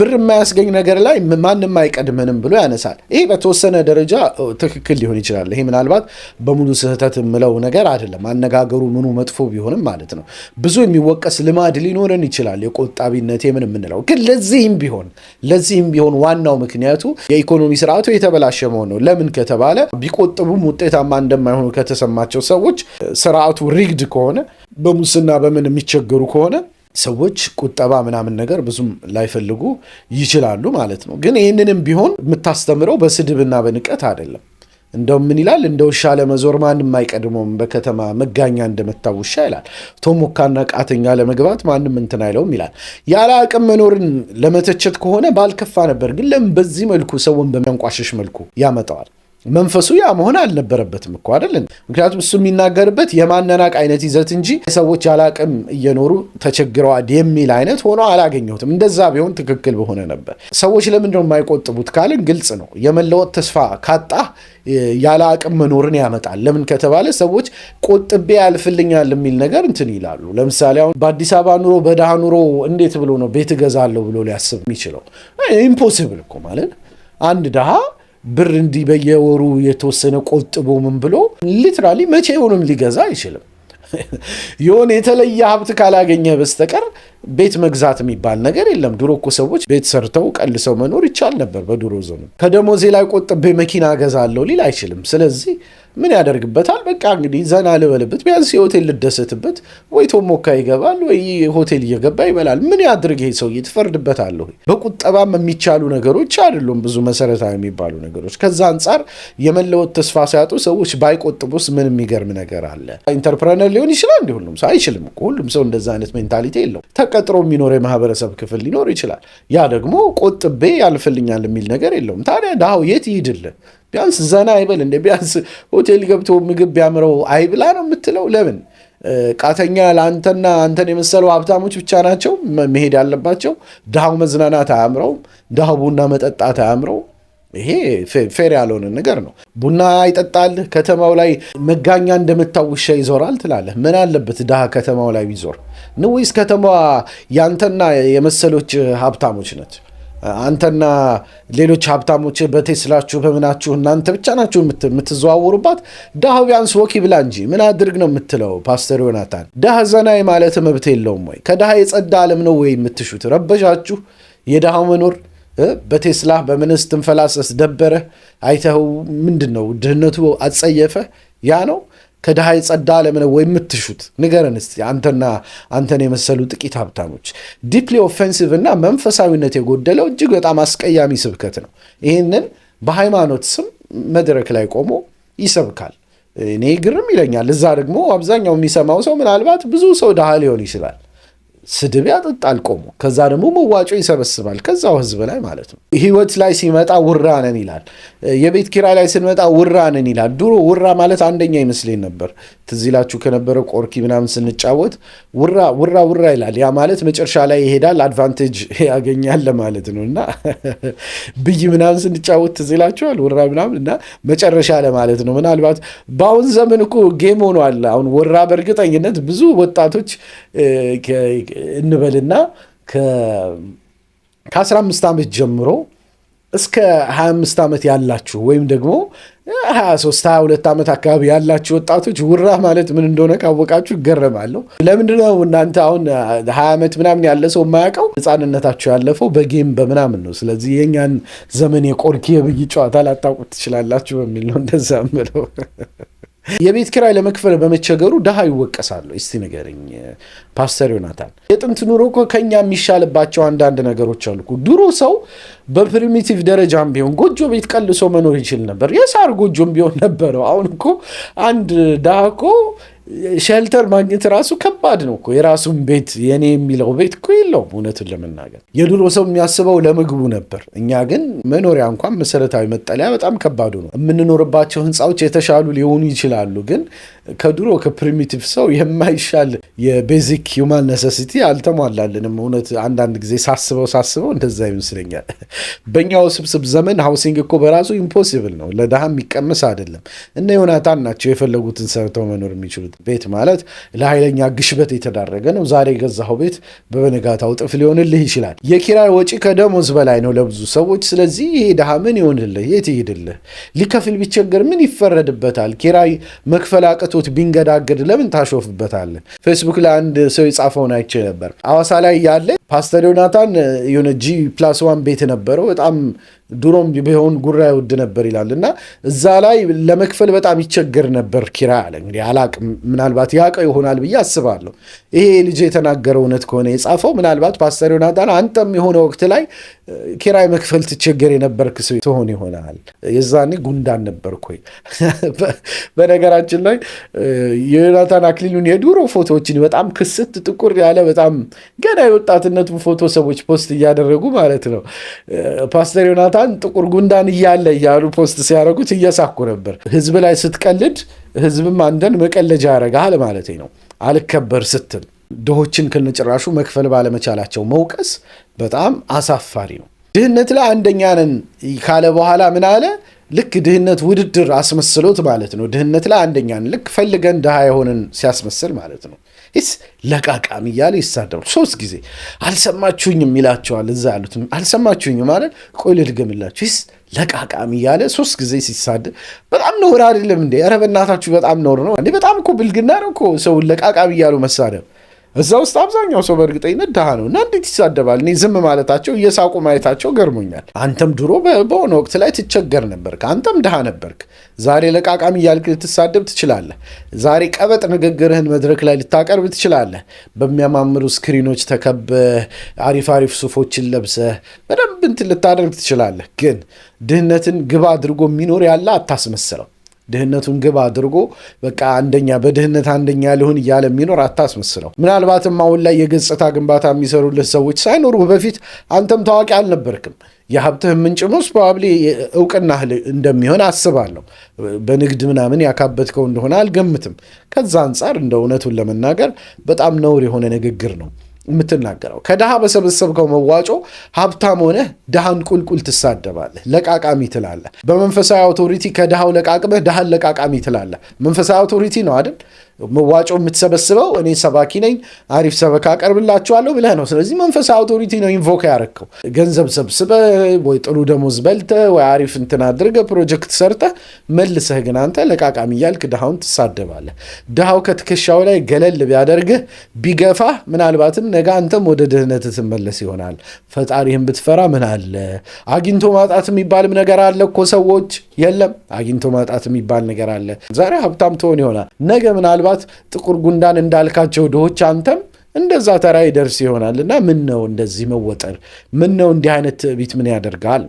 ብር የማያስገኝ ነገር ላይ ማንም አይቀድመንም ብሎ ያነሳል። ይህ በተወሰነ ደረጃ ትክክል ሊሆን ይችላል። ይሄ ምናልባት በሙሉ ስህተት የምለው ነገር አይደለም። አነጋገሩ ምኑ መጥፎ ቢሆንም ማለት ነው። ብዙ የሚወቀስ ልማድ ሊኖረን ይችላል፣ የቆጣቢነት ምን የምንለው ግን ለዚህም ቢሆን ለዚህም ቢሆን ዋናው ምክንያቱ የኢኮኖሚ ስርዓቱ የተበላሸ መሆን ነው። ለምን ከተባለ ቢቆጥቡም ውጤታማ እንደማይሆኑ ከተሰማቸው ሰዎች ስርዓቱ ሪግድ ከሆነ በሙስና በምን የሚቸገሩ ከሆነ ሰዎች ቁጠባ ምናምን ነገር ብዙም ላይፈልጉ ይችላሉ ማለት ነው። ግን ይህንንም ቢሆን የምታስተምረው በስድብና በንቀት አይደለም። እንደው ምን ይላል? እንደ ውሻ ለመዞር ማንም አይቀድመውም፣ በከተማ መጋኛ እንደመታው ውሻ ይላል። ቶሞካና ቃተኛ ለመግባት ማንም እንትን አይለውም ይላል። ያለ አቅም መኖርን ለመተቸት ከሆነ ባልከፋ ነበር። ግን ለምን በዚህ መልኩ ሰውን በሚያንቋሸሽ መልኩ ያመጣዋል? መንፈሱ ያ መሆን አልነበረበትም እኮ አደለ። ምክንያቱም እሱ የሚናገርበት የማነናቅ አይነት ይዘት እንጂ ሰዎች አላቅም እየኖሩ ተቸግረዋል የሚል አይነት ሆኖ አላገኘሁትም። እንደዛ ቢሆን ትክክል በሆነ ነበር። ሰዎች ለምንድነው የማይቆጥቡት ካልን ግልጽ ነው። የመለወጥ ተስፋ ካጣ ያለ አቅም መኖርን ያመጣል። ለምን ከተባለ ሰዎች ቆጥቤ ያልፍልኛል የሚል ነገር እንትን ይላሉ። ለምሳሌ አሁን በአዲስ አበባ ኑሮ በድሃ ኑሮ እንዴት ብሎ ነው ቤት እገዛለሁ ብሎ ሊያስብ የሚችለው? ኢምፖሲብል እኮ ማለት አንድ ድሃ ብር እንዲህ በየወሩ የተወሰነ ቆጥቦ ምን ብሎ ሊትራሊ መቼውንም ሊገዛ አይችልም። የሆነ የተለየ ሀብት ካላገኘ በስተቀር ቤት መግዛት የሚባል ነገር የለም። ድሮ እኮ ሰዎች ቤት ሰርተው ቀልሰው መኖር ይቻል ነበር። በድሮ ዘመን ከደሞዜ ላይ ቆጥቤ መኪና እገዛለሁ ሊል አይችልም። ስለዚህ ምን ያደርግበታል? በቃ እንግዲህ ዘና ልበልበት፣ ቢያንስ የሆቴል ልደሰትበት። ወይ ቶሞካ ይገባል፣ ወይ ሆቴል እየገባ ይበላል። ምን ያድርግ ይሄ ሰውዬ? ትፈርድበታለሁ። በቁጠባም የሚቻሉ ነገሮች አይደሉም ብዙ መሰረታዊ የሚባሉ ነገሮች። ከዛ አንጻር የመለወጥ ተስፋ ሲያጡ ሰዎች ባይቆጥቡስ ምን የሚገርም ነገር አለ? ኢንተርፕረነር ሊሆን ይችላል። እንዲ ሁሉም ሰው አይችልም እኮ ሁሉም ሰው እንደዛ አይነት ሜንታሊቲ የለው። ተቀጥሮ የሚኖር የማህበረሰብ ክፍል ሊኖር ይችላል። ያ ደግሞ ቆጥቤ ያልፍልኛል የሚል ነገር የለውም። ታዲያ ድሃው የት ይሂድልህ? ቢያንስ ዘና አይበል እንደ ቢያንስ ሆቴል ገብቶ ምግብ ቢያምረው አይብላ ነው የምትለው? ለምን ቃተኛ ለአንተና አንተን የመሰለው ሀብታሞች ብቻ ናቸው መሄድ ያለባቸው። ድሃው መዝናናት አያምረውም። ድሃው ቡና መጠጣት አያምረው። ይሄ ፌር ያልሆነ ነገር ነው። ቡና ይጠጣል ከተማው ላይ መጋኛ እንደመታው ይዞራል ትላለህ። ምን አለበት ድሃ ከተማው ላይ ቢዞር? ንዊስ ከተማዋ ያንተና የመሰሎች ሀብታሞች ነት አንተና ሌሎች ሀብታሞች በቴስላችሁ በምናችሁ እናንተ ብቻ ናችሁ የምትዘዋወሩባት። ድሃው ቢያንስ ወኪ ብላ እንጂ ምን አድርግ ነው የምትለው? ፓስተር ዮናታን ድሃ ዘናይ ማለት መብት የለውም ወይ? ከድሃ የጸዳ ዓለም ነው ወይ የምትሹት? ረበሻችሁ የድሃው መኖር በቴስላ በምንስ ትንፈላሰስ ደበረ አይተው ምንድን ነው ድህነቱ አጸየፈ ያ ነው ከድሃ የጸዳ ዓለምን ወይ የምትሹት ንገረን እስቲ። አንተና አንተን የመሰሉ ጥቂት ሀብታሞች። ዲፕሊ ኦፌንሲቭ እና መንፈሳዊነት የጎደለው እጅግ በጣም አስቀያሚ ስብከት ነው። ይህንን በሃይማኖት ስም መድረክ ላይ ቆሞ ይሰብካል። እኔ ግርም ይለኛል። እዛ ደግሞ አብዛኛው የሚሰማው ሰው ምናልባት ብዙ ሰው ድሃ ሊሆን ይችላል። ስድብ ያጠጣል ቆሞ፣ ከዛ ደግሞ መዋጮ ይሰበስባል ከዛው ህዝብ ላይ ማለት ነው። ህይወት ላይ ሲመጣ ውራ ነን ይላል። የቤት ኪራይ ላይ ስንመጣ ውራንን ይላል። ድሮ ውራ ማለት አንደኛ ይመስለኝ ነበር። ትዝ ይላችሁ ከነበረ ቆርኪ ምናምን ስንጫወት ውራ ውራ ውራ ይላል። ያ ማለት መጨረሻ ላይ ይሄዳል፣ አድቫንቴጅ ያገኛል ለማለት ነው። እና ብይ ምናምን ስንጫወት ትዝ ይላችኋል፣ ውራ ምናምን እና መጨረሻ ለማለት ነው። ምናልባት በአሁን ዘመን እኮ ጌም ሆኗል። አሁን ውራ በእርግጠኝነት ብዙ ወጣቶች እንበልና ከ ከአስራ ዓመት ጀምሮ እስከ 25 ዓመት ያላችሁ ወይም ደግሞ 23 22 ዓመት አካባቢ ያላችሁ ወጣቶች ውራ ማለት ምን እንደሆነ ካወቃችሁ ይገረማለሁ። ለምንድነው እናንተ አሁን 20 ዓመት ምናምን ያለ ሰው የማያውቀው? ሕፃንነታችሁ ያለፈው በጌም በምናምን ነው። ስለዚህ የእኛን ዘመን የቆርኪ የብይ ጨዋታ ላታውቁት ትችላላችሁ በሚል ነው እንደዛ ምለው። የቤት ኪራይ ለመክፈል በመቸገሩ ድሃ ይወቀሳሉ። እስቲ ንገረኝ ፓስተር ዮናታን፣ የጥንት ኑሮ እኮ ከኛ የሚሻልባቸው አንዳንድ ነገሮች አሉ። ድሮ ሰው በፕሪሚቲቭ ደረጃም ቢሆን ጎጆ ቤት ቀልሶ መኖር ይችል ነበር። የሳር ጎጆም ቢሆን ነበረው። አሁን እኮ አንድ ድሃ እኮ ሸልተር ማግኘት ራሱ ከባድ ነው እኮ። የራሱን ቤት የኔ የሚለው ቤት እኮ የለውም። እውነቱን ለመናገር የድሮ ሰው የሚያስበው ለምግቡ ነበር። እኛ ግን መኖሪያ እንኳን መሰረታዊ መጠለያ በጣም ከባዱ ነው። የምንኖርባቸው ህንፃዎች የተሻሉ ሊሆኑ ይችላሉ፣ ግን ከድሮ ከፕሪሚቲቭ ሰው የማይሻል የቤዚክ ሁማን ነሰሲቲ አልተሟላለንም። እውነት አንዳንድ ጊዜ ሳስበው ሳስበው እንደዛ ይመስለኛል። በእኛው ስብስብ ዘመን ሃውሲንግ እኮ በራሱ ኢምፖሲብል ነው፣ ለድሃ የሚቀመስ አይደለም። እነ ዮናታን ናቸው የፈለጉትን ሰርተው መኖር የሚችሉት። ቤት ማለት ለኃይለኛ ግሽበት የተዳረገ ነው። ዛሬ የገዛኸው ቤት በበነጋታው እጥፍ ሊሆንልህ ይችላል። የኪራይ ወጪ ከደሞዝ በላይ ነው ለብዙ ሰዎች። ስለዚህ ይሄ ድሃ ምን ይሆንልህ? የት ይሄድልህ? ሊከፍል ቢቸገር ምን ይፈረድበታል? ኪራይ መክፈል አቅቶ አጥቶት ቢንገዳገድ ለምን ታሾፍበታለን? ፌስቡክ ላይ አንድ ሰው የጻፈውን አይቼ ነበር። አዋሳ ላይ ያለ ፓስተር ዮናታን የሆነ ጂ ፕላስ ዋን ቤት ነበረው በጣም ድሮም ቢሆን ጉራ ውድ ነበር ይላል እና እዛ ላይ ለመክፈል በጣም ይቸገር ነበር ኪራ አለ። እንግዲህ አላቅም፣ ምናልባት ያውቀው ይሆናል ብዬ አስባለሁ። ይሄ ልጅ የተናገረው እውነት ከሆነ የጻፈው ምናልባት ፓስተር ዮናታን አንተም የሆነ ወቅት ላይ ኪራይ መክፈል ትቸገር የነበርክ ሰው ትሆን ይሆናል። የዛኔ ጉንዳን ኮይ። በነገራችን ላይ የዮናታን አክሊሉን የድሮ ፎቶዎችን በጣም ክስት ጥቁር ያለ በጣም ገና የወጣትነቱ ፎቶ ሰዎች ፖስት እያደረጉ ማለት ነው ፓስተር ዮናታን ሰይጣን ጥቁር ጉንዳን እያለ እያሉ ፖስት ሲያደርጉት እየሳኩ ነበር። ህዝብ ላይ ስትቀልድ ህዝብም አንተን መቀለጃ ያደርግሃል ማለት ነው። አልከበር ስትል ድሆችን ከነጭራሹ መክፈል ባለመቻላቸው መውቀስ በጣም አሳፋሪ ነው። ድህነት ላይ አንደኛ ነን ካለ በኋላ ምን አለ? ልክ ድህነት ውድድር አስመስሎት ማለት ነው። ድህነት ላይ አንደኛ ነን ልክ ፈልገን ድሃ የሆንን ሲያስመስል ማለት ነው። ስ ለቃቃሚ እያለ ይሳደባል። ሶስት ጊዜ አልሰማችሁኝም ይላቸዋል። እዛ ያሉት አልሰማችሁኝም ማለት ቆይ ልድገምላችሁ ስ ለቃቃሚ እያለ ሶስት ጊዜ ሲሳደብ በጣም ነውር አይደለም እንዴ? ኧረ በእናታችሁ በጣም ነውር ነው እንዴ? በጣም እኮ ብልግና ነው እኮ ሰውን ለቃቃሚ እያሉ መሳደብ እዛ ውስጥ አብዛኛው ሰው በእርግጠኝነት ድሃ ነው እና እንዴት ይሳደባል? እኔ ዝም ማለታቸው እየሳቁ ማየታቸው ገርሞኛል። አንተም ድሮ በሆነ ወቅት ላይ ትቸገር ነበርክ፣ አንተም ድሃ ነበርክ። ዛሬ ለቃቃሚ እያልክ ልትሳደብ ትችላለህ። ዛሬ ቀበጥ ንግግርህን መድረክ ላይ ልታቀርብ ትችላለህ። በሚያማምሩ ስክሪኖች ተከበህ አሪፍ አሪፍ ሱፎችን ለብሰህ በደንብ እንትን ልታደርግ ትችላለህ። ግን ድህነትን ግብ አድርጎ የሚኖር ያለ አታስመስለው። ድህነቱን ግብ አድርጎ በቃ አንደኛ በድህነት አንደኛ ሊሆን እያለ የሚኖር አታስመስለው። ምናልባትም አሁን ላይ የገጽታ ግንባታ የሚሰሩለት ሰዎች ሳይኖሩ በፊት አንተም ታዋቂ አልነበርክም። የሀብትህ ምንጭ ሞስ ፕሮባብሊ እውቅናህ እንደሚሆን አስባለሁ። በንግድ ምናምን ያካበትከው እንደሆነ አልገምትም። ከዛ አንጻር እንደ እውነቱን ለመናገር በጣም ነውር የሆነ ንግግር ነው። የምትናገረው ከድሃ በሰበሰብከው መዋጮ ሀብታም ሆነህ ድሃን ቁልቁል ትሳደባለህ፣ ለቃቃሚ ትላለህ። በመንፈሳዊ አውቶሪቲ ከድሃው ለቃቅመህ ድሃን ለቃቃሚ ትላለህ። መንፈሳዊ አውቶሪቲ ነው አይደል? መዋጮ የምትሰበስበው እኔ ሰባኪ ነኝ፣ አሪፍ ሰበካ አቀርብላችኋለሁ ብለህ ነው። ስለዚህ መንፈሳዊ አውቶሪቲ ነው ኢንቮክ ያደረግከው። ገንዘብ ሰብስበ ወይ ጥሩ ደሞዝ በልተ ወይ አሪፍ እንትን አድርገ ፕሮጀክት ሰርተ መልሰህ ግን አንተ ለቃቃሚ እያልክ ድሃውን ትሳደባለህ። ድሃው ከትከሻው ላይ ገለል ቢያደርግህ ቢገፋ፣ ምናልባትም ነገ አንተም ወደ ድህነት ትመለስ ይሆናል። ፈጣሪህን ብትፈራ ምን አለ? አግኝቶ ማጣት የሚባልም ነገር አለ እኮ ሰዎች። የለም አግኝቶ ማጣት የሚባል ነገር አለ። ዛሬ ሀብታም ትሆን ይሆናል፣ ነገ ምናልባት ምናልባት ጥቁር ጉንዳን እንዳልካቸው ድሆች አንተም እንደዛ ተራ ይደርስ ይሆናል እና ምን ነው እንደዚህ መወጠር? ምን ነው እንዲህ አይነት ትዕቢት ምን ያደርጋል?